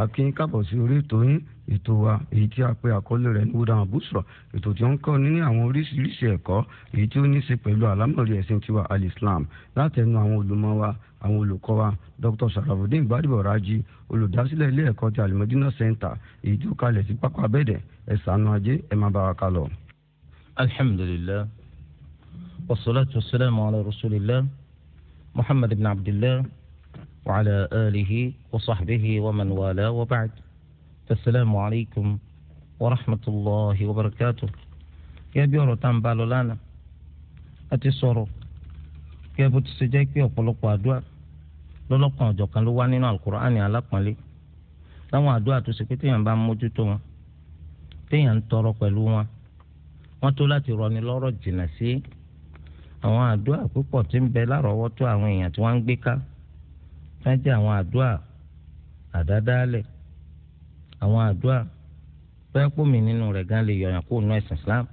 a kí yín kábọ̀ sí orí ètò yín ètò wa èyí tí a pe àkọlé rẹ̀ ní wúdàmù bùsùrọ̀ ètò tí ó ń kọ́ ní àwọn oríṣiríṣi ẹ̀kọ́ èyí tí ó ní í ṣe pẹ̀lú àlámọ̀rí ẹ̀sìn tiwa alislam látẹnu àwọn olùmọ̀ wa àwọn olùkọ́ wa dr sarafudin gbadebo raji olùdásílẹ̀ ilé ẹ̀kọ́ ti alimọ̀dínà center èyí tí ó kalẹ̀ sí pápá abẹ́dẹ̀ ẹ̀sánú ajé ẹ̀ má bá wa ká lọ. alhamdulilayi wasalaatu wasalaamu ala rasulillah muhammad ibn abdillah وعلى آله وصحبه ومن والاه وبعد السلام عليكم ورحمة الله وبركاته يا بيورو تنبالو لنا أتي صورو يا بوت سجايك يا قلوك وادوا lọ́lọ́kan ọ̀jọ̀kan ló wá nínú alukur'ani alápọ̀nlé láwọn àdúrà tó ṣe pé téèyàn bá ń wọn tó láti rọni lọ́rọ̀ jìnnà sí àwọn àdúrà púpọ̀ tí ń bẹ lárọ̀ọ́wọ́tó àwọn èèyàn tí wọ́n ń gbé ká kájẹ́ àwọn àdúrà àdádálẹ̀ àwọn àdúrà bẹ́ẹ̀ pò mí nínú rẹ̀ gan lè yọ̀yàn kó nu ẹ̀sìn Islam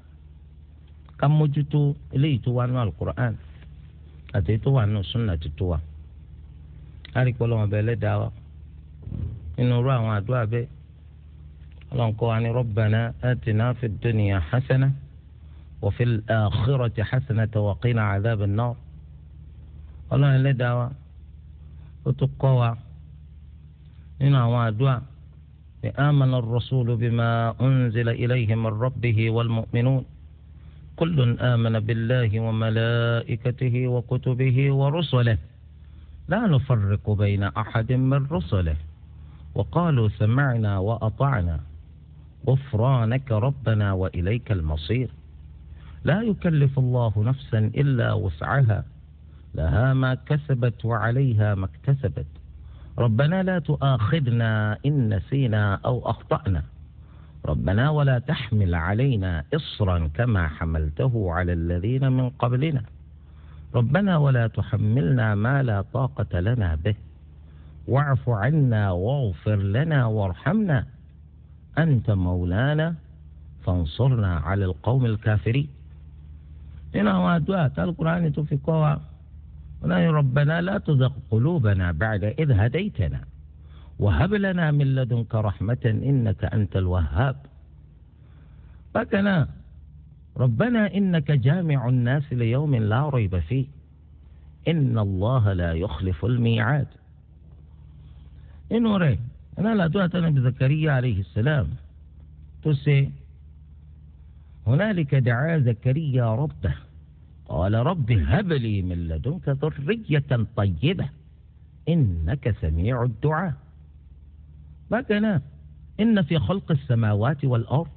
ká mójútó eléyìí tó wà nù alukur'an àti èyí tó wà nù sunna ti tó wa àríkpọ́ lọ́wọ́ bẹ́ẹ̀ lẹ́dàá wa nínú irú àwọn àdúrà bẹ́ẹ̀ ọlọ́nkọ́ wa ni rabbana atina fid dunya hasana wa fil akhirati hasana wa qina adhaban nar ọlọ́run lẹ́dàá wa. ó tún kọ́ wa nínú àwọn àdúrà ní amana rasulu bima unzila ilayhi min rabbihi wal mu'minun kullun amana billahi wa malaikatihi wa kutubihi wa rusulihi la nufarriqu bayna ahadin min rusule wa qalu sami'na wa ata'na غفرانك ربنا واليك المصير لا يكلف الله نفسا الا وسعها لها ما كسبت وعليها ما اكتسبت ربنا لا تؤاخذنا إن نسينا أو أخطأنا ربنا ولا تحمل علينا إصرا كما حملته على الذين من قبلنا ربنا ولا تحملنا ما لا طاقة لنا به واعف عنا واغفر لنا وارحمنا أنت مولانا فانصرنا على القوم الكافرين. هنا دعاء القرآن تفقها ولكن ربنا لا تزغ قلوبنا بعد إذ هديتنا وهب لنا من لدنك رحمة إنك أنت الوهاب فكنا ربنا إنك جامع الناس ليوم لا ريب فيه إن الله لا يخلف الميعاد إنه ري أنا لا تؤتنا بزكريا عليه السلام تسي هنالك دعا زكريا ربه قال رب هب لي من لدنك ذرية طيبة إنك سميع الدعاء ما كان إن في خلق السماوات والأرض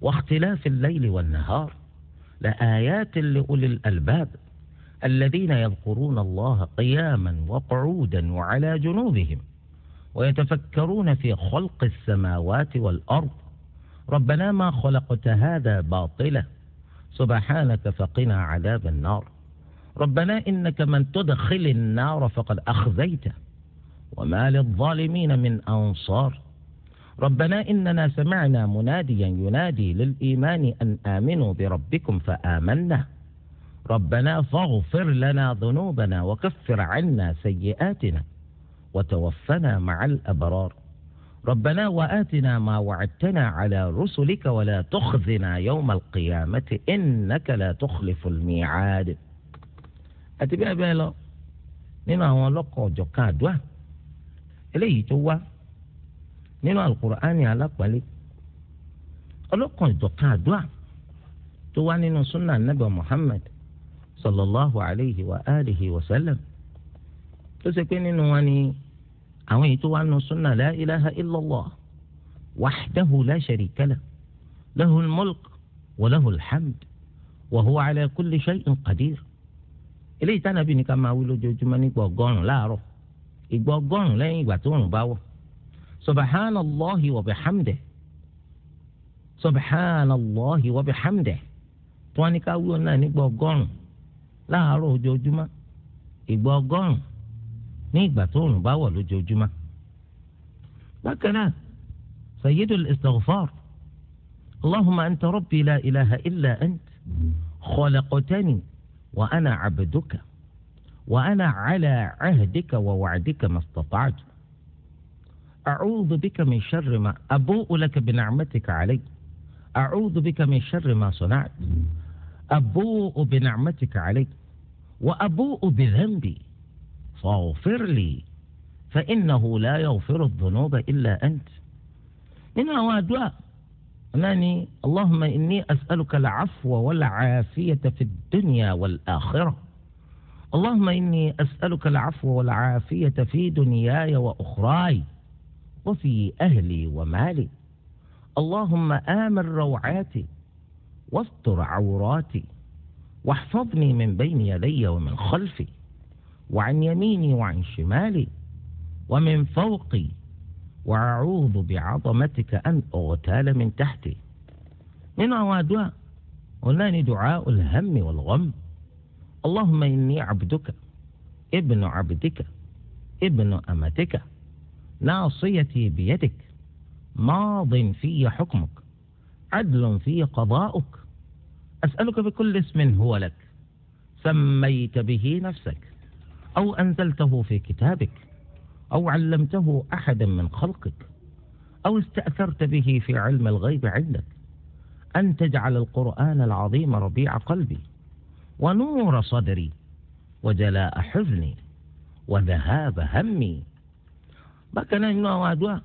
واختلاف الليل والنهار لآيات لأولي الألباب الذين يذكرون الله قياما وقعودا وعلى جنوبهم ويتفكرون في خلق السماوات والأرض ربنا ما خلقت هذا باطلا سبحانك فقنا عذاب النار ربنا إنك من تدخل النار فقد أخزيته وما للظالمين من أنصار ربنا إننا سمعنا مناديا ينادي للإيمان أن آمنوا بربكم فآمنا ربنا فاغفر لنا ذنوبنا وكفر عنا سيئاتنا وتوفنا مع الأبرار ربنا وآتنا ما وعدتنا على رسلك ولا تخزنا يوم القيامة إنك لا تخلف الميعاد àti bẹ́ẹ̀ bẹ́ẹ̀ lọ nínú àwọn ọlọ́kọ̀ ọ̀jọ̀kan àdúrà eléyìí tó wá nínú alukur'ani alápàlẹ́ ọlọ́kọ̀ ọ̀jọ̀kan àdúrà tó wá nínú sunna anabi muhammad sallallahu alayhi wa alihi wa sallam tó ṣe pé nínú wa ni àwọn èyí tó wà nù súnà la ilaha illallah wahdahu la sharika lah lahul mulk wa lahul hamd wa huwa ala kulli shay'in qadir eléyìí tánàbí ni ká máa wí lójoojúmọ́ nígbà ọgọ́rùn láàárọ̀ ìgbà ọgọ́rùn lẹ́yìn ìgbà tó rùn bá wọ̀ subhanallahi wa bihamdih subhanallahi wa bihamdih tí wọ́n ní ká wí ọ̀nà nígbà ọgọ́rùn láàárọ̀ ojoojúmọ́ ìgbà ọgọ́rùn ní ìgbà tó òrùn bá wọ̀ lójoojúmọ́. bákan náà sayyidul istighfar allahumma anta rabbi la ilaha illa ant khalaqtani wa ana abduka wa ana cala ahdika wa wa'dika mastata'tu a'udhu bika min sharri ma abu'u laka bi ni'matika alayya a'udhu bika min sharri ma sana'tu abu'u bi ni'matika alayya wa abu'u bi dhanbi. فاغفر لي فإنه لا يغفر الذنوب إلا أنت إن هو دعاء أماني اللهم إني أسألك العفو والعافية في الدنيا والآخرة اللهم إني أسألك العفو والعافية في دنياي وأخراي وفي أهلي ومالي اللهم آمن روعاتي واستر عوراتي واحفظني من بين يدي ومن خلفي وعن يميني وعن شمالي ومن فوقي وأعوذ بعظمتك أن أغتال من تحتي من أوادها ولاني دعاء الهم والغم اللهم إني عبدك ابن عبدك ابن أمتك ناصيتي بيدك ماض في حكمك عدل في قضاؤك أسألك بكل اسم هو لك سميت به نفسك أو أنزلته في كتابك أو علمته أحدا من خلقك أو استأثرت به في علم الغيب عندك أن تجعل القرآن العظيم ربيع قلبي ونور صدري وجلاء حزني وذهاب همي بكنا náà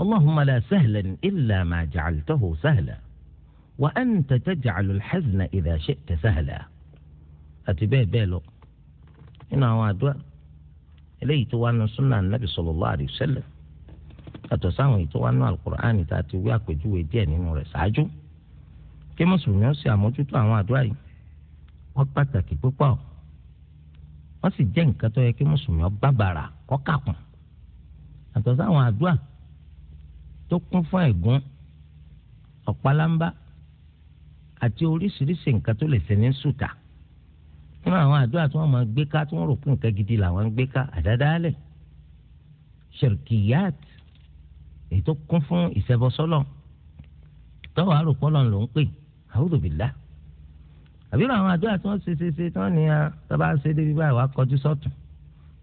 اللهم لا سهلا إلا ما جعلته سهلا وأنت تجعل الحزن إذا شئت سهلا أتبه بيلو nínú àwọn àdúrà eléyìí tó wá nu sunna nabi sallallahu alayhi wa sallam yàtọ̀ sáwọn èyí tó wá nu alukur'an tá a ti wí àpèjúwe díẹ̀ nínú rẹ̀ ṣáájú kí mùsùlùmí ó sì àmójútó àwọn àdúrà yìí wọ́n pàtàkì púpọ̀ wọ́n sì jẹ́ nǹkan tó yẹ kí mùsùlùmí ó bàbàrà kọ́kàkùn yàtọ̀ sáwọn àdúrà tó kún fún ẹ̀gún ọ̀pálámbá àti oríṣiríṣi nǹkan tó lè ṣe ní sùtà nínú àwọn àdúrà tí wọ́n máa gbé ká tí wọ́n rò pé nǹkan gidi làwọn ń gbé ká àdádálẹ̀ ṣèrìkìyàt èyí tó kún fún ìṣẹbọsọlọ tọwọ àròpọlọ ló ń pè àwùjọ bìlá àbí àwọn àdúrà tí wọ́n ṣe ṣe ṣe tí wọ́n ní ah, a tọba ṣe débi báyìí wàá kọjú sọ́tún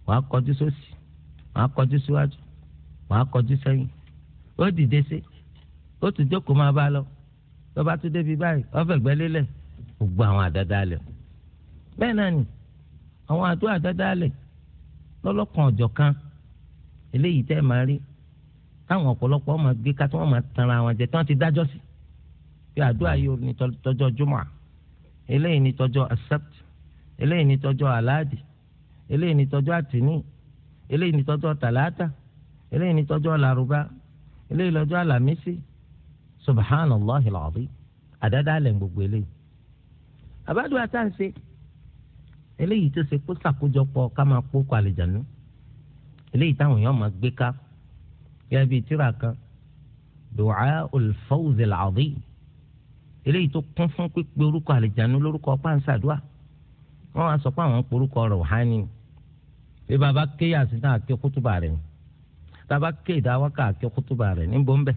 wàá kọjú sósì wàá kọjú síwájú wàá kọjú sẹ́yìn ó dìde sí ó tún jókòó máa bá lọ tọba tún débi báyìí ọfẹ gbẹlélẹ gbogbo àwọn àdádálẹ̀ bẹ́ẹ̀ náà ni àwọn àdúrà dáadáa lẹ̀ lọ́lọ́kan ọ̀jọ̀ kan eléyìí tẹ́ máa rí táwọn ọ̀pọ̀lọpọ̀ máa gbé ká tí wọ́n máa tanra wọn jẹ tí wọ́n ti dájọ́ sí bí àdúrà yìí ní tọ́jọ́ jùmọ̀ eléyìí ní tọ́jọ́ accept eléyìí ní tọ́jọ́ aláàdì eléyìí ní tọ́jọ́ àtìní eléyìí ní tọ́jọ́ tàlátà eléyìí ní tọ́jọ́ làrúbá eléyìí lọ́jọ́ àlàmísì subhanallah alazim àdáda gbogbo eléyìí àbádùn àtàǹsẹ̀ eléyìí tó ṣe kó ṣàkójọpọ̀ ká máa kó kọ àlìjánu eléyìí táwọn èèyàn máa gbé ká yẹ bíi tíra kan du'aul fawzil azim eléyìí tó kún fún pípé orúkọ àlìjánu lórúkọ pàǹsàdúà wọn wá sọ pé àwọn ń porúkọ rọhánì bí baba ké yàtí náà ké kútùbà rẹ baba ké ìdáwọ́kà ké kútùbà rẹ níbo ń bẹ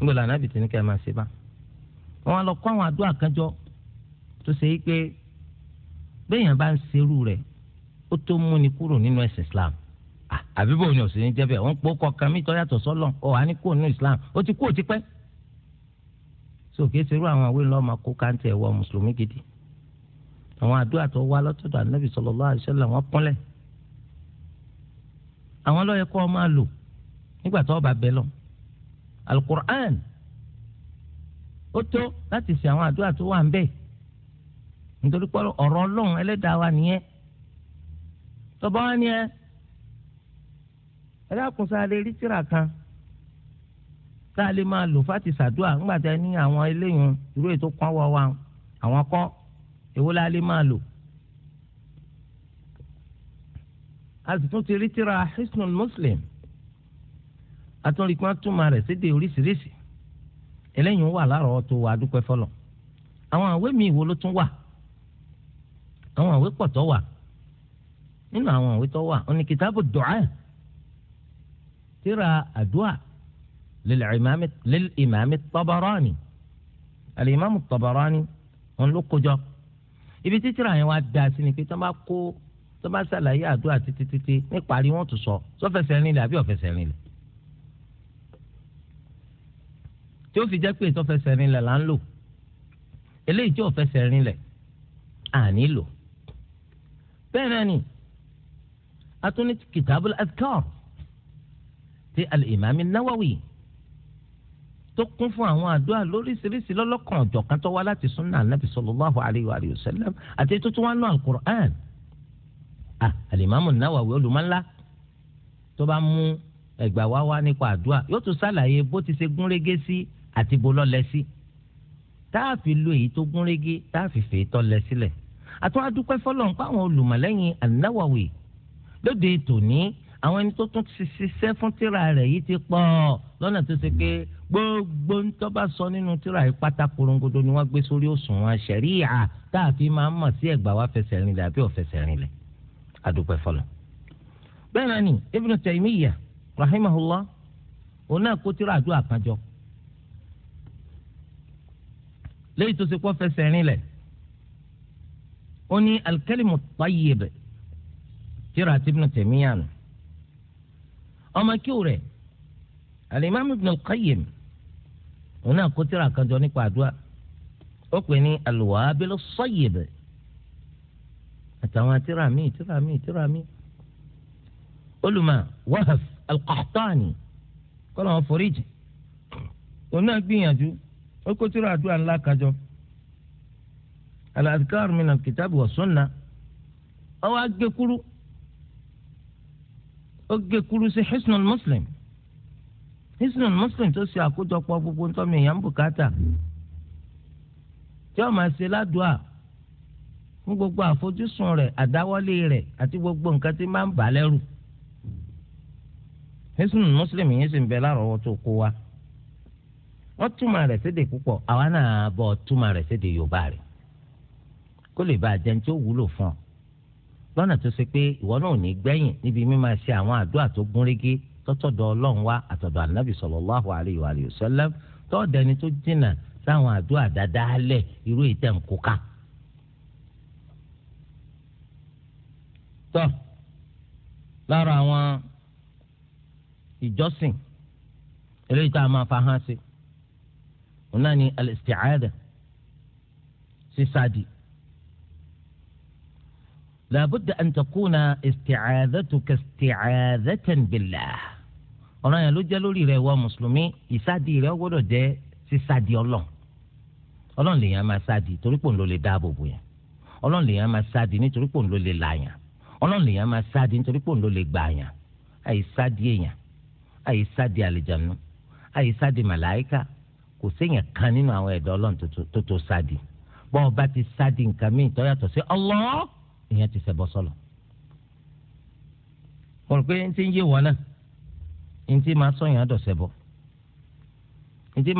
níbo lànà bìtì máa ṣe bá wọn lọ kó àwọn àdúrà kan tó ṣe é pé bẹ́ẹ̀yàn bá ń serú rẹ̀ ó tó mú ni kúrò nínú ẹ̀sìn islam àbí bò ní òsèlú jẹ́ bẹ́ẹ̀ wọ́n pọ̀ kọ̀ọ̀kan mi tọ́ yàtọ̀ sọ́lọ̀ ọ̀ á ní kúrò nínú islam ó ti kú ò ti pẹ́. sòkè serú àwọn àwé ńlọ máa kó káńtì ẹ̀wọ̀ mùsùlùmí gidi àwọn àdúrà tó wá lọ́tọ̀dọ̀ ànábì sallallahu alaihi wasallam wọ́n pọ́nlẹ̀ àwọn lọ́yẹ kọ́ máa lò nígbà tó bá bẹ lọ alukur'an ó tó láti ṣe àwọn àdúrà tó wà ń bẹ́ẹ̀ nítorí pé ọ̀rọ̀ ọlọ́run ẹlẹ́dàá wa nìyẹn tọ́ba wa ni ẹ ẹ dákun sáà lè rí tírà kan tá a lè máa lò fáti ṣàdúrà ńgbà tá a ní àwọn eléyìí irú ètò kan wọ wa àwọn kọ́ èwo la lè máa lò. a sì tún ti rí tírà Hisnul Muslim atúnrikún atúmọ̀ rẹ̀ séde oríṣiríṣi eléyìí wà lárọ̀ọ́ tó wà dúpẹ́ fọlọ̀ àwọn àwé mi ìwo ló tún wà àwọn àwé pọ̀ tó wà nínú àwọn àwé tó wà òní kìtàbù du'a tíra àdúà lil-imam at-Tabarani al-imam at-Tabarani òun ló kójọ ibi títíra yẹn wá da sí ni pé tó bá kó tó bá ṣàlàyé àdúrà títí títí níparí wọn tún sọ sọfẹsẹ rinlẹ àbí ọfẹsẹ rinlẹ tí ó fi jẹ́ pé ìtọ́fẹsẹ̀ rinlẹ̀ là ń lò eléyìí tí ò fẹsẹ̀ rinlẹ̀ à nílò bẹ́ẹ̀ náà ni atúni kìtàbùl adkar ti al-imami nawawi tó kún fún àwọn àdúrà lóríṣiríṣi lọ́lọ́kan ọ̀jọ̀kan tó wá láti sunna anabi sallallahu alayhi wa sallam àti tó tún wá nù al-Qur'an ah al-imamu nawawi olùmọ̀nlá tó bá mú ẹgbà wá wá nípa àdúrà yóò tún ṣàlàyé bó ti ṣe gúnrégé sí àti bó lọ́lẹ̀ sí tá a fi lo èyí tó gúnrégé tá a fi fèé tọ́lẹ̀ sílẹ̀ àtún adúpẹ́ fọlọ́n pa àwọn olùmọ̀lẹ́yìn anáwọ̀wé lóde tòní àwọn ẹni tó tún ti ṣiṣẹ́ fún tíra rẹ̀ yìí ti pọ̀ lọ́nà tó ṣe pé gbogbo ń tọ́ba sọ nínú tíra yìí pátá korongodo ni wọ́n gbé sórí òṣùwọ̀n ṣẹ̀ríyà tá a fi máa ń mọ̀ sí ẹ̀gbà wa fẹsẹ̀ rìn lẹ̀ àbí ọ̀fẹsẹ̀ rìn lẹ̀ adúpẹ́ fọlọ́n. bẹ́ẹ̀ náà ni Ibn Taymiyyah rahimahullah òun náà kó tíra àdúrà kan jọ léyìí tó ṣe kó fẹsẹ̀ rìn lẹ̀ ó ní alikẹ́lìmù tayyib tíra àti ibn Taymiyyah nù ọmọ kíw rẹ̀ alimami ibn al-Qayyim òun náà kó tíra kan jọ nípa àdúrà ó pè ní al-Wabil as-Sayyib àtàwọn tíra míì tíra míì tíra míì foríjì òun gbìyànjú ó kó tíra àdúrà ńlá kan al-adhkar min al-kitab wa sunnah ọ wá gé kúrú ó gé kúrú sí hisnul muslim hisnul muslim tó ṣe àkójọpọ̀ gbogbo ya èèyàn bùkátà tí ó máa ṣe ládùúà fún gbogbo àfojúsùn rẹ àdáwọ́lé rẹ àti gbogbo nǹkan tí máa ń bà lẹ́rù hisnul muslim yẹn sì ń bẹ tó kó wa wọ́n túmọ̀ rẹ̀ sédè àwa náà kó lè bá àjẹn tí ó wúlò fún ọ lọ́nà tó ṣe pé ìwọ náà ò ní gbẹ̀yìn níbi mímáa ṣe àwọn àdúrà tó gúnrégé tọ́tọ̀dọ̀ ọlọ́run wá àtọ̀dọ̀ ànábì sallallahu alayhi wa sallam tọ́ọ̀dẹni tó dínà sáwọn àdúrà dáadáa lẹ̀ irú ìtẹ̀ ń kóká. tọ́ lára àwọn ìjọsìn eléyìí tá a máa fa sí òun náà ni al-isti'ada sísáàdì. Si làbúdà àǹtakùnà isti'adhatuka isti'adhatan billah ọ̀ràn yẹn ló jẹ́ lórí rẹ̀ wọ mùsùlùmí ìsádi rẹ̀ gbọ́dọ̀ jẹ́ sísádi ọlọ́run ọlọ́run lèèyàn máa sádi torí pòun ló lè dáàbò bò yẹn ọlọ́run lèèyàn máa sádi nítorí pòun ló lè làyàn ọlọ́run lèèyàn máa sádi nítorí pòun ló lè gbàyàn àyísádi èèyàn àyísádi àlìjánu àyísádi màláìka kò séèyàn kan nínú àwọn ẹ̀dọ́ ọlọ́run tó tó sádi bọ́ọ̀ bá ti sádi nǹkan míì tó sí Allah ìyẹn ti ṣẹbọ sọlọ. mo rò pé n ti ń yé wọn náà n ti máa sọyìn n ti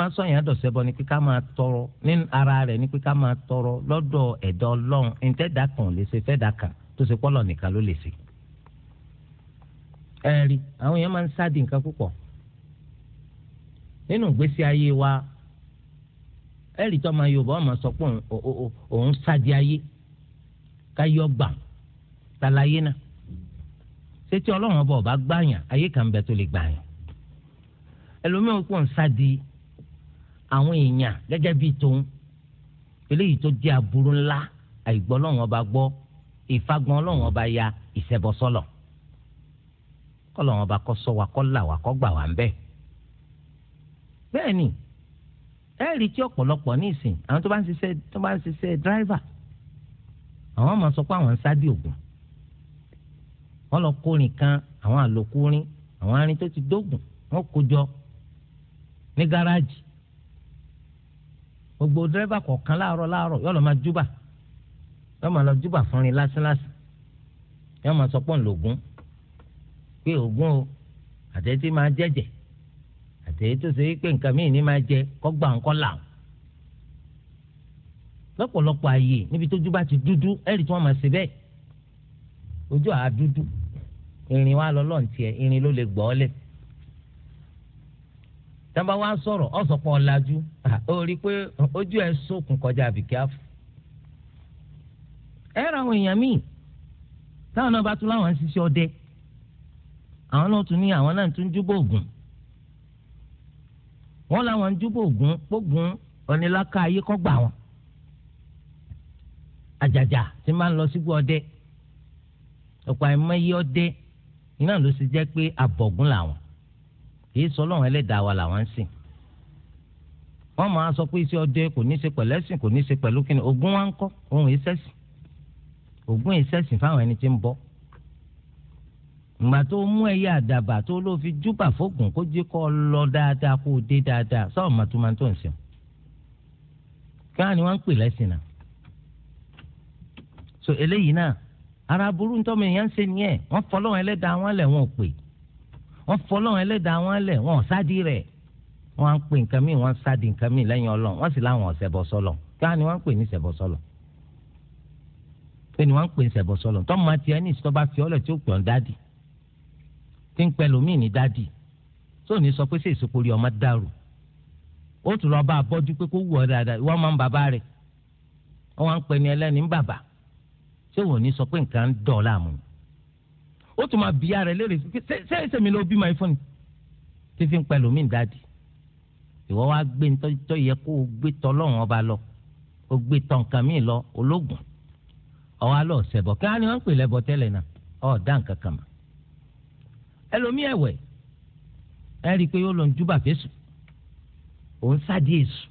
máa ni pé ká máa tọrọ ní ara rẹ̀ ni pé ká máa tọrọ lọ́dọ̀ ẹ̀dá ọlọ́run ntẹ́dà kan lè ṣe kan tó ṣe pọ́lọ̀ táyọ̀ gbà tàlàyé náà sétí ọlọ́run ọba ọba gbàyàn ayé kan bẹ tó lè gbàyàn ẹlòmíràn kò ń sádi àwọn èèyàn gẹ́gẹ́ bíi tòun eléyìí tó jẹ́ aburú ńlá àìgbọ́ ọlọ́run ọba gbọ́ ìfagbọ́n ọlọ́run ọba ya ìṣẹ̀bọ̀sọ́lọ̀ kọ́lọ́run ọba kọ́ sọ wa kọ́ là wa kọ́ gbà wá ń bẹ́ẹ̀ bẹ́ẹ̀ ni ẹ̀rí tí ọ̀pọ̀lọpọ̀ ní ìsìn àwọn tó bá ń ṣiṣẹ́ tó bá ń ṣiṣẹ́ dráìvà àwọn máa sọ pé àwọn ń sádì ògùn wọ́n lọ kórin kan àwọn àlòkúrin àwọn arin tó ti dógùn wọ́n kó jọ ní gáràjì gbogbo dírẹ́bà kọ̀ọ̀kan láàárọ̀ láàárọ̀ yóò lọ máa júbà yóò máa lọ júbà fúnrin lásánlásán yóò máa sọ pé òun lògùn pé ògùn o àtẹ̀yẹ́ tí máa jẹ́jẹ̀ àtẹ̀yẹ́ tó ṣe wípé nǹkan míì ní máa jẹ kọ́gbà ńkọ́ làwọn lọ́pọ̀lọpọ̀ aye níbi tó bá ti dúdú ẹ̀rí tí wọ́n máa ṣe bẹ́ẹ̀ ojú àá dúdú irin wa lọ irin ló lè gbọ́ lẹ̀ tábà wá sọ̀rọ̀ ọ̀sọ̀pọ̀ ọ̀làjú orí ah, pé ojú ẹ̀ sókun kọjá àbíkíáfù ẹ ra àwọn èèyàn míì táwọn náà bá tún láwọn ń ṣiṣẹ́ ọdẹ àwọn náà tún ní náà tún wọn ń ayé kọ́ gbà àjàjà tí máa ń lọ sígbó ọdẹ ọ̀pọ̀ àìmọye ọdẹ iná ló sì jẹ́ pé abọ̀gún làwọn kì í sọ ọlọ́run ẹlẹ́dàá wa làwọn ń sìn wọ́n máa sọ pé iṣẹ́ ọdẹ kò ní í ṣe pẹ̀lú ẹ̀sìn kò ní í ṣe pẹ̀lú kíni ogun wa ń kọ́ ohun ìṣẹ́sìn ogun ìṣẹ́sìn fáwọn ẹni tí ń bọ́ ìgbà tó mú ẹyẹ àdàbà tó ló fi júbà fóògùn kó jẹ́ kó lọ dáadáa kó dé dáadáa sọ́ọ̀mà tó ń sìn kí wọ́n ń pè lẹ́sìn náà so eléyìí náà ara burú ntọ́mọ èèyàn ń ṣe nìyẹn wọ́n fọlọ́wọn ẹlẹ́dàá wọn lẹ̀ wọn ò pè wọ́n fọlọ́wọn ẹlẹ́dàá wọn lẹ̀ wọn ò sáàdì rẹ̀ wọ́n á ń pè nǹkan míì wọ́n á sáàdì nǹkan míì lẹ́yìn ọlọ́run wọ́n sì láwọn ọ̀sẹ̀bọ̀ sọlọ̀ káà ni wọ́n ń pè ní sẹ̀bọ̀ sọlọ̀ pé ni wọ́n ń pè ní sẹ̀bọ̀ sọlọ̀ tọ́mọ àti ẹni tó bá fi ọlẹ̀ tí ó pè ọ́n dádì tí ń pẹ́ lómìn ní dádì ṣé wò ní sọ pé nǹkan ń dọ̀ láàmú ó tún máa bí ara ẹ léèrè ṣé ṣé èsè mi ló bí máa fún ni tí fi ń pẹ́ lómi dáàdì ìwọ wá gbé tó yẹ kó o gbé tọlọ́run ọba lọ o gbé tọ nǹkan míì lọ ológun ọwọ́ alọ́ ṣẹ̀bọ̀ kí wọ́n ní wọ́n ń pè lẹ́bọ tẹ́lẹ̀ náà ọ̀ dá nǹkan kan mọ́ ẹlòmíì ẹ̀wẹ̀ ẹ rí i pé yóò lọ júbà fésù òun sáde èṣù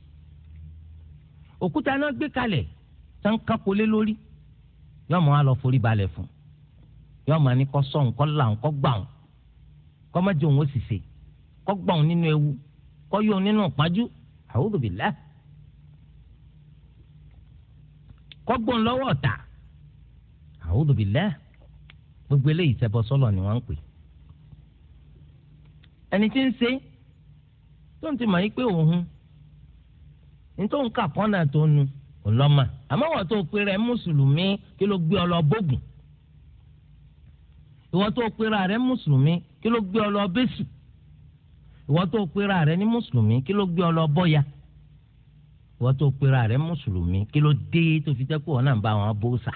òkúta náà gbé kalẹ̀ tán kápolé lórí yọọ máa lọ forí balẹ̀ fún yọọ máa ní kọ sọ̀hún kọ́ là kọ kọ́ kọ má jẹ́ òun ó ewu kọ yóò nínú ìpájú a'udhu kọ kọ́ lọwọ ọta ọ̀tá gbogbo eléyìí ni ń pè ẹni tí ń tó ń ti mọ̀ yí pé nu ọlọ́mà àmọ́ wọ́n tó pe rẹ̀ mùsùlùmí kí ló gbé ọ lọ bógun ìwọ tó pe ra rẹ̀ mùsùlùmí kí ló gbé ọ lọ bẹ́sù ìwọ tó pe ra rẹ̀ ní mùsùlùmí kí ló gbé ọ lọ bọ́ya ìwọ tó pe ra rẹ̀ mùsùlùmí kí ló dé tó fi jẹ́ pé wọn náà ń bá wọn bó sà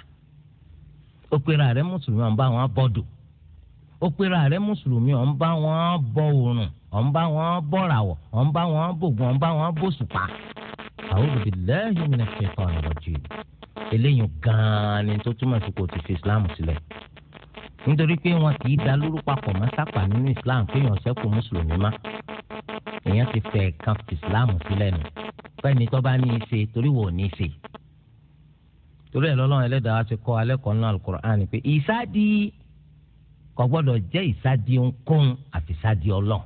ó pe ra mùsùlùmí wọn bá wọn bọ́dọ̀ ó pe ra mùsùlùmí wọn bá wọn bọ òrùn wọn bá wọn bọ̀ràwọ̀ wọn bá wọn bògùn wọn bá wọn bòṣùpá àwọn bìláyìí mi ṣe kọ́ ọ̀nà jù eléyìí gan-an ni tó túmọ̀ sí kò ti fi islam sílẹ̀ nítorí pé wọn kì í da lóru papọ̀ mọ́ sápà nínú islam pé èèyàn ṣẹ́kù mùsùlùmí má èèyàn ti fẹ́ kan fi islam sílẹ̀ nù fẹ́ni tó bá ní í ṣe torí wò ní í ṣe torí ẹ̀ lọ́lọ́run ẹlẹ́dàá ti kọ́ alẹ́ kan náà alukur'an pé ìsádi kò gbọ́dọ̀ jẹ́ ìsádi ohunkóhun àfi ìsádi ọlọ́run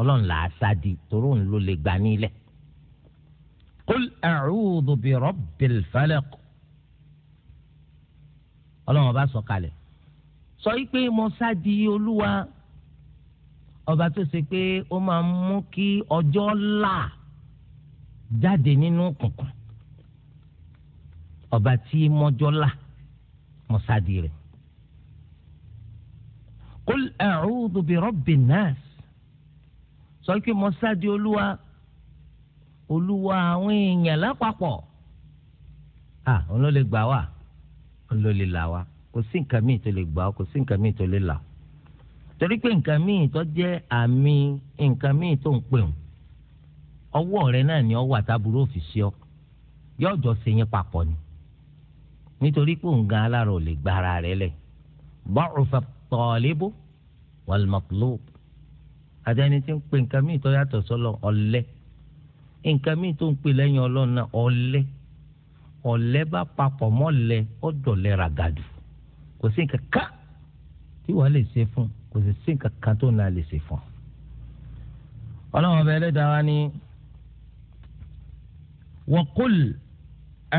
ọlọ́run là á sádi torí òun ló lè gbà ní ilẹ̀ قل أعوذ برب الفلق ọlọ́run ọba sọ kalẹ̀ sọ yìí pé mọ́sá di olúwa ọba tó ṣe pé ó máa ń mú kí ọjọ́ là jáde nínú òkùnkùn ọba tí mọ́jọ́ là mọ́sá di rẹ̀ قل أعوذ برب الناس sọ yìí pé mọ́sá olúwa olúwa àwọn èèyàn lápapọ̀ à òun ló lè gbà wá òun ló lè là wá kò sí nǹkan míì tó lè gbà ó kò sí nǹkan míì tó lè là ó torí pé nǹkan míì tó jẹ́ àmì nǹkan míì tó ń pè ọ́n ọwọ́ rẹ náà ni ọwọ́ àtàbúrò fi ṣe ọ yóò jọ ṣe yẹn papọ̀ ni nítorí pé òun gan alára lè gba ara rẹ lẹ̀ ba'ufa at-talibu wal-matlub tí ń pè nǹkan míì tó yàtọ̀ sọ́lọ́ ọ̀lẹ́ nǹkan míì tó ń pè lẹ́yìn ọlọ́run náà ọ̀lẹ ọ̀lẹ bá papọ̀ mọ́lẹ ọ̀dọ̀lẹ́ ràgàdù kò sí nǹkan ká tí wàá lè ṣe fún kò sì sí nǹkan kan tó náà lè ṣe fún. ọlọ́run ọba ẹlẹ́dàá wa ni wọ́kùl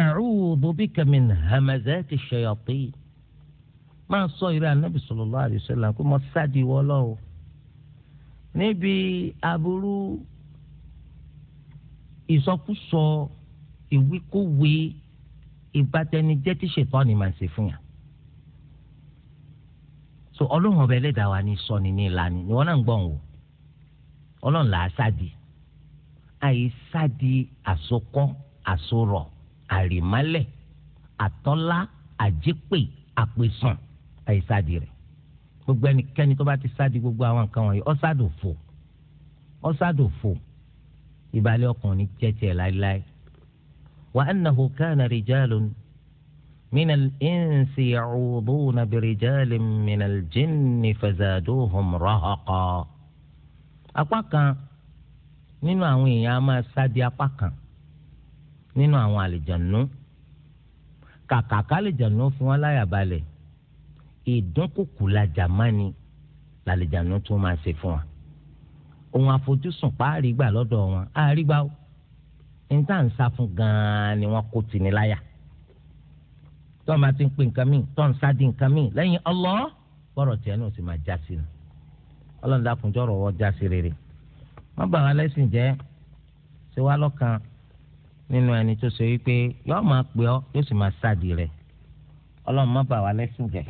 a'udhu bika min hamazati shayatin máa sọ ìrẹ́ anábì sallallahu alaihi wasallam pé mo sáàdì wọ́ níbi aburú ìsọkúsọ ìwíkúwí ìbátẹnijẹ́ tí ṣètọ́ ni màá ṣe fún yàn so ọlọ́run ọba ẹlẹ́dàá wa ni sọ ni ní ìlànà ni wọ́n náà ń gbọ̀n o ọlọ́run là á sádi àyè sádi àsokọ́ àsorọ̀ àrìmálẹ̀ àtọ́lá àjẹpè àpèsàn àyè sádi rẹ̀ gbogbo ẹnikẹ́ni tó bá ti sádi gbogbo àwọn nǹkan wọ̀nyí ọ́sádò fò ọ́sádò fò ìbálẹ̀ ọkàn ní jẹ́jẹ́ láéláé. wa annahu kana rijalun minal insi ya'uduna birijalin minal jinni fazaduhum rahaqa. apá kan nínú àwọn èèyàn a máa sá di apá kan nínú àwọn àlìjànú kàkà kálìjànú fún wọn láyà balẹ̀ ìdúnkùkù lajà làlìjànú tó máa ṣe fún wa òun àfojúsùn páàrí gbà lọ́dọ̀ wọn àárí gbà ó ní tá à ń sá fún gan-an ni wọ́n kó tì ní láyà tó ń bá ti ń pè nǹkan míì tó ń sádi nǹkan míì lẹ́yìn Allah bọ́rọ̀ tiẹ̀ náà sì máa já sí nu ọlọ́run dákunjọ́ rọ̀ wọ́n já sí rere má bàa lẹ́sìn jẹ́ ṣé wàá lọ́kàn nínú ẹni tó ṣe wípé yọ́ọ́ máa pè ọ́ yóò sì máa sádi rẹ̀ ọlọ́run má bàa lẹ́sìn jẹ́.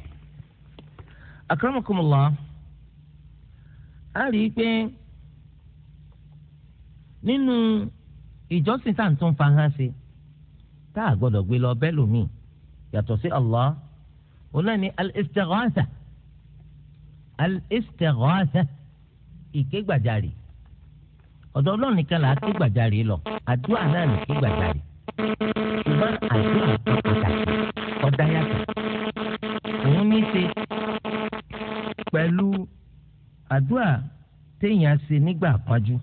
akramakumullah á rí i pé nínú ìjọsìn tá à ń tún fa hàn sí tá a gbọ́dọ̀ gbé lọ bẹ́ẹ̀ lómi yàtọ̀ sí Allah ọlọ́run ní al-istighatha al-istighatha ìkégbàjarì ọ̀dọ̀ ọlọ́run nìkan là á kégbàjarì lọ àdúrà náà ní kégbàjarì ṣùgbọ́n àdúrà kan pàtàkì ọ̀dà yàtọ̀ òun ní ṣe pẹ̀lú àdúrà téèyàn ṣe nígbà kanjú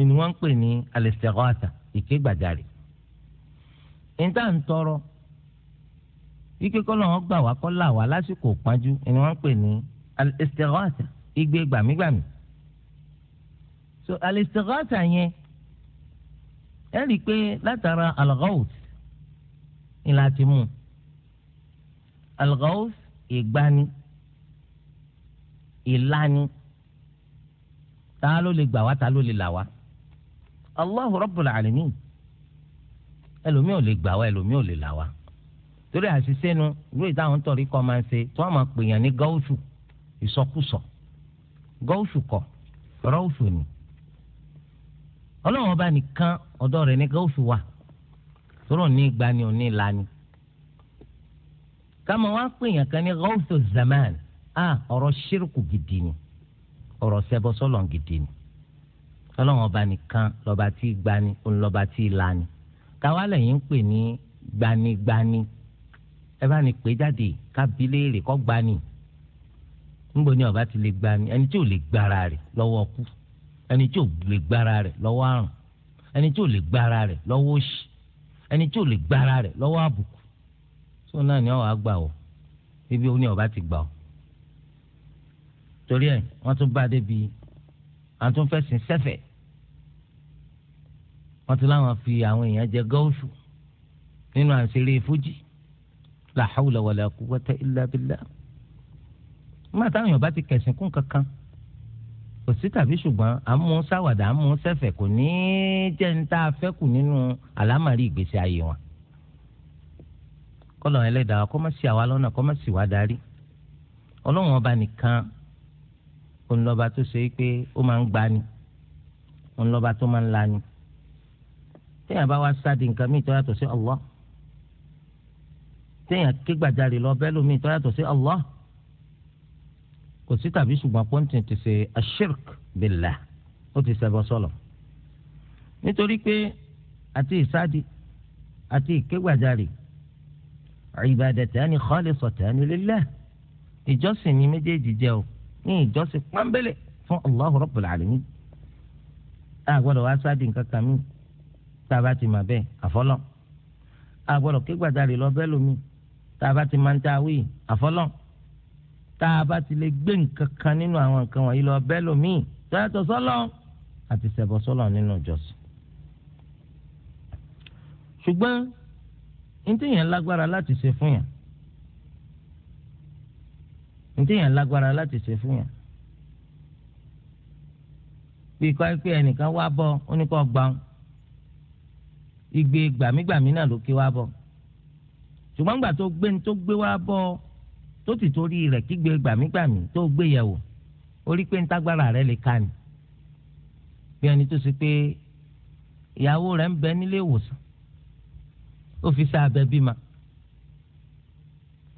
ni wọ́n ń pè ní al-istighatha ìkégbàjarè níta ń tọrọ ike kọlọ wọn wa wá kọlà wá lásìkò pọ́njú ni wọ́n ń pè ní al igbe gbàmígbàmí so al-istighatha yẹn ẹ rí i pé látara al ni láti mú al-ghawth ìgbani ìlani ta ló lè gbà wá ta ló lè là wá allahu rabbul alamin ẹlòmíì ò lè gbà wá ẹlòmíì ò lè là wá torí àṣìṣe nu ìlú ìtàwọn tọrí kọ máa ń ṣe tí wọn máa pè yàn ní gọ́ọ̀sù ìsọkúsọ gọ́ọ̀sù kọ rọ́ọ̀sù ni ọlọ́run ọba nìkan ọ̀dọ́ rẹ̀ ní gọ́ọ̀sù wà tóró ní ìgbani òní ìlànì ká máa wá pè yàn kan ní gọ́ọ̀sù zaman a ah, ọ̀rọ̀ ṣírùkù gidi ni ọ̀rọ̀ sẹ́bọ̀sọ́lọ̀ gidi ni ọlọ́run ọba nìkan lọ́ba tí gbani òun lọ́ba tí lani káwa lẹ́yìn ń pè ní gbanigbani ẹ bá ní pé jáde kábíléèrè kọ́ gbani níbo ni ọba ti lè gbani ẹni tí ò lè gbára rẹ̀ lọ́wọ́ kú ẹni tí ò lè gbára rẹ̀ lọ́wọ́ àrùn ẹni tí ò lè gbára rẹ̀ lọ́wọ́ òṣì ẹni tí ò lè gbára rẹ̀ lọ́wọ́ àbùkù tó náà ni ọwọ́ àgbà ọ ibi ó ní ọba ti gbà ọ torí ẹ wọ́n tún bá débi à tún fẹ́ sin wọ́n ti láwọn fi àwọn èèyàn jẹ gọ́ọ̀sù nínú àṣírí fújì la hawla wala quwwata illa billah nígbà táwọn èèyàn bá ti kẹ̀sìn kún kankan kò sí tàbí ṣùgbọ́n àmúṣàwàdà àmúṣẹ̀fẹ̀ kò ní í jẹ́ ní tá a fẹ́ kù nínú àlámàrí ìgbésí ayé wọn. kọ́lọ̀ ẹlẹ́dàá kọ́ mọ̀ àwa lọ́nà kọ́ wa darí ọlọ́run ọba nìkan òun lọ́ba tó ṣe é pé ó máa ń gbani òun lọ́ba tó máa ń lani téèyàn bá wá sáde nǹkan míì tó yàtọ̀ sí Allah téèyàn ké gbàjarè lọ bẹ́ẹ̀ lómi tó yàtọ̀ sí Allah kò sí tàbí ṣùgbọ́n pọ́ńtì ti ṣe ashirk billah ó ti ṣẹbọ sọ̀lọ̀ nítorí pé àti ìsáde àti ìké gbàjarè ibadatani khalisatani lillah ìjọsìn ni méjèèjì jẹ́ o ní ìjọsìn pọ́nbélé fún Allahu Rabbul Alamin gbọ́dọ̀ wá sáde nǹkan kan míì tá a bá ti mà bẹ́ẹ̀ àfọlọ́ a gbọ́dọ̀ ké gbàjarè lọ bẹ́ẹ̀ lómi tá a bá ti máa ń ta wí àfọlọ́ tá a bá ti lè gbé nǹkan kan nínú àwọn nǹkan wọ̀nyí lọ bẹ́ẹ̀ lómi tó sọ́lọ́ àti ṣẹbọ sọ́lọ́ nínú ìjọsìn. ṣùgbọ́n ntẹ̀yàn lágbára láti ṣe fún yàn ntẹ̀yàn lágbára láti ṣe fún yàn bí pé ẹnìkan wá bọ́ ó ní kó gbà igbe gbàmígbàmí náà ló ké wá bọ̀ ṣùgbọ́n gbà tó gbé tó gbé wá bọ̀ tó ti torí rẹ̀ kígbe gbàmígbàmí tó gbé yẹ̀ wò orí pé ntágbára rẹ̀ lè ka ni bí ẹni tó ṣe pé ìyàwó rẹ̀ ń bẹ nílé ìwòsàn ó fi ṣe abẹ bímọ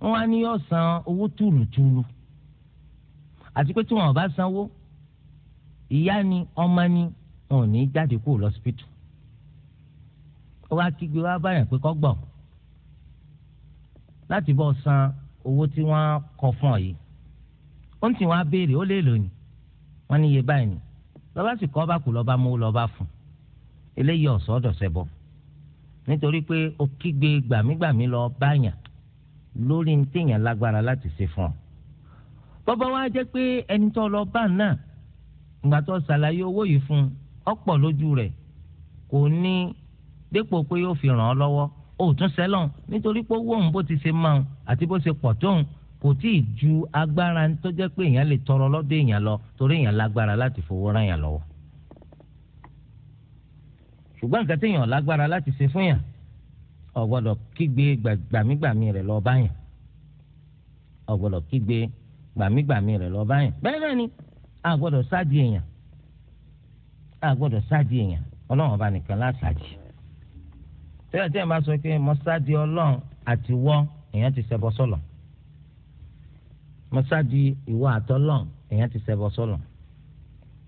wọn á ní yọ san owó túlùtúlù àti pé tí wọn ò bá sanwó ìyá ni ọmọ ni wọn ò ní jáde kúrò lọ́sibítù ó wá kígbe wá báyàn pé kọ́ gbọ̀ láti bọ́ san owó tí wọ́n kọ fún ọ yìí ó ń tì wọ́n á béèrè ó lè lò ní wọ́n ní iye báyìí ni lọ́ba sì kọ́ bá kù lọ́ba mú lọ́ba fún eléyìí ọ̀sọ́ ọ̀dọ̀sẹ̀ bọ̀ nítorí pé ó kígbe gbàmígbàmí lọ báyàn lórí ní téèyàn lágbára láti ṣe fún ọ bọ́bá wa jẹ́ pé ẹni tó lọ bá náà ìgbà tó ṣàlàyé owó yìí fún ọ̀pọ̀ lójú rẹ̀ kò ní dépò pé yóò fi ràn ọ́ lọ́wọ́ ó tún sẹ́lọ̀n nítorí pé owó òun bó ti ṣe máa ń àti bó ṣe pọ̀ kò tí ju agbára tó jẹ́ pé èèyàn lè tọrọ lọ́dọ̀ èèyàn lọ torí èèyàn lágbára láti fowó rán yàn lọ́wọ́ ṣùgbọ́n nǹkan téèyàn lágbára láti ṣe fún yàn ọ̀gbọ́dọ̀ gbàmígbàmí rẹ̀ lọ́ọ́ báyàn kígbe gbàmígbàmí rẹ̀ lọ́ọ́ báyàn bẹ́ẹ̀ náà ni a sáàdì sẹ́yìn tí ẹ̀ bá sọ pé mọ́sáàdì ọlọ́run àti wọ́ èèyàn ti ṣẹbọ sọ̀lọ̀ mọ́sáàdì ìwọ àtọ́lọ́run èèyàn ti ṣẹbọ sọ̀lọ̀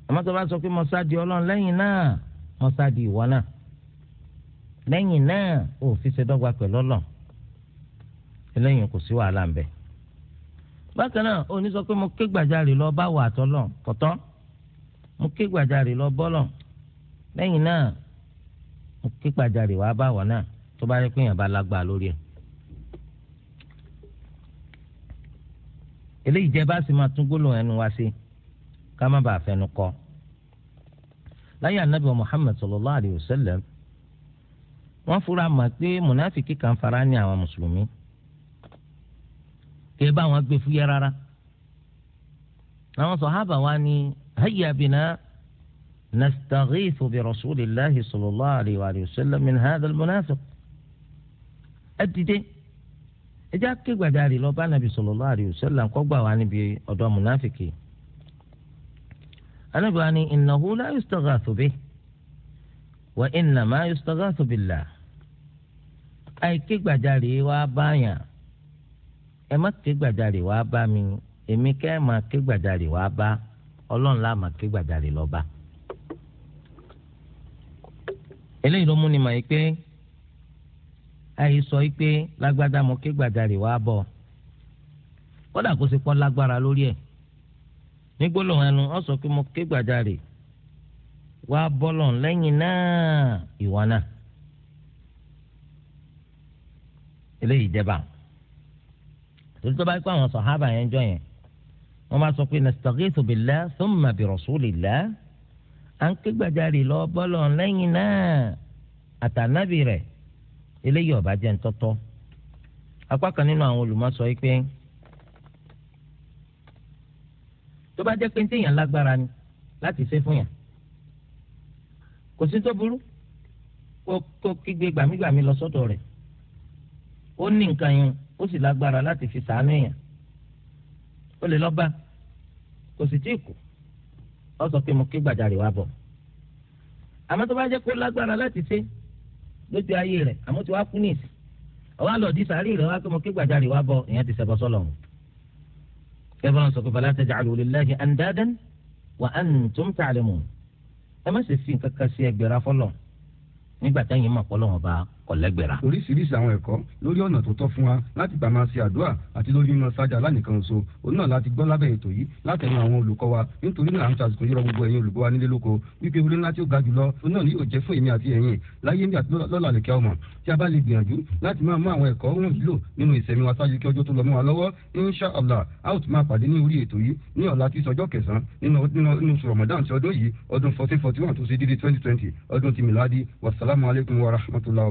àmọ́ tó bá sọ pé mọ́sáàdì ọlọ́run lẹ́yìn náà mọ́sáàdì ìwọ náà lẹ́yìn náà ò fi ṣe dọ́gba pẹ̀lú ọlọ́run lẹ́yìn kò sí wàhálà ń bẹ. bákan náà ó ní sọ pé mo ké gbàjarè lọ bá wà àtọ́lọ́run kọ̀tọ́ mo ké gbàjarè lọ bọ́lọ̀ lẹ́yìn náà kíkpàjarè wàá bá wọn náà tó bá yẹ kó yẹn bá lágbá lórí ẹ. eléyìí jẹ́ bá sì máa tún gbólóhùn ẹnu wá sí ká má bàa fẹnu kọ. láyé anábìá Muhammad sallallahu alayhi wa sallam wọ́n fura mọ̀ pé mùnáfíkì kan fara ní àwọn mùsùlùmí kí ẹ bá wọn gbé fúyẹ́ rárá. àwọn sàhábà wa ní hayya bina. نستغيث برسول الله صلى الله عليه وآله وسلم من هذا المنافق أديدي ẹjẹ akégbàdarì lọ bá nàbì sallallahu alaihi wasallam kó gbà wá níbi ọ̀dọ̀ mùnáfìkì anabi wa ni innahu la yustaghathu bihi wa innama yustaghathu billah àìkégbàdarì wa báyà ẹ má kégbàdarì wa bá mi èmi kẹ́ ẹ má kégbàdarì wa bá ọlọ́run lá má kégbàdarì lọ bá. eléyìí ló mú ni mà yìí pé àyè sọ yìí pé lágbádá mo ké gbàjarè wá bọ̀ kódà kó sì pọ́ lágbára lórí ẹ̀ ní gbólóhùn ẹnu ọ sọ pé mo ké gbàjarè wá bọ́lọ̀ lẹ́yìn náà ìwọ náà eléyìí jẹba torí tó bá àwọn sọ̀hábà yẹn jọ yẹn wọ́n bá sọ pé nastaghithu billah thumma bi rasulillah à ń ké gbàjarè lọ bọ́lọ̀ lẹ́yìn náà àtànábì rẹ̀ eléyìí ọ̀bá jẹ́ ń tọ́tọ́ apá kan nínú àwọn olùmọ̀ sọ pé tó bá jẹ́ pé ń téèyàn lágbára ni láti ṣe fún yàn kò sí tó burú kó kígbe gbàmígbàmí lọ sọ́dọ̀ rẹ̀ ó ní nǹkan yẹn ó sì lágbára láti fi sàánú yàn ó lè lọ bá kò sì tí ì kù ọ sọ pé mo ké gbàjarè wá bọ̀ àmọ́ tó bá jẹ́ kó lágbára láti ṣe lójú ayé rẹ̀ àmọ́ tí wàá kú ní ìsìn ọwọ́ àlọ́ di sàárì rẹ̀ wá pé mo ké gbàjarè wá bọ̀ ìyẹn ti ṣẹbọ sọ́lọ̀ wọn. kẹfà ń sọ pé fala taj'alu lillahi andadan wa antum ta'lamun ẹ má ṣe fi nǹkan kan sí ẹgbẹ̀rún afọ́lọ̀ nígbà táyìn mọ̀ pọ́lọ́ wọn bá kọ̀lẹ́gbẹ̀ra. oríṣiríṣi àwọn ẹ̀kọ́ lórí ọ̀nà tó tọ́ fún wa láti gbà máa ṣe àdúrà àti lórí mímọ sájà lánìkan ṣo òun náà láti gbọ́ lábẹ́ ètò yìí látẹnu àwọn olùkọ́ wa nítorí náà à ń ṣàṣùkò yíra gbogbo ẹ̀yin olùkọ́ wa nílé lóko wípé orí ńlá tí ó ga jùlọ òun náà ni yóò jẹ́ fún èmi àti ẹ̀yin láyé ní àti lọ́la lè kẹ́ ọmọ tí a bá lè gbìyànjú láti máa mú àwọn ẹ̀kọ́ wọ̀nyí insha allah a ó tún máa pàdé ní orí ètò yìí ní ọ̀la tí sọjọ́ kẹsàn-án nínú oṣù ramadan fourteen forty one tó ṣe twenty twenty ọdún ti miladi wasalaamualeykum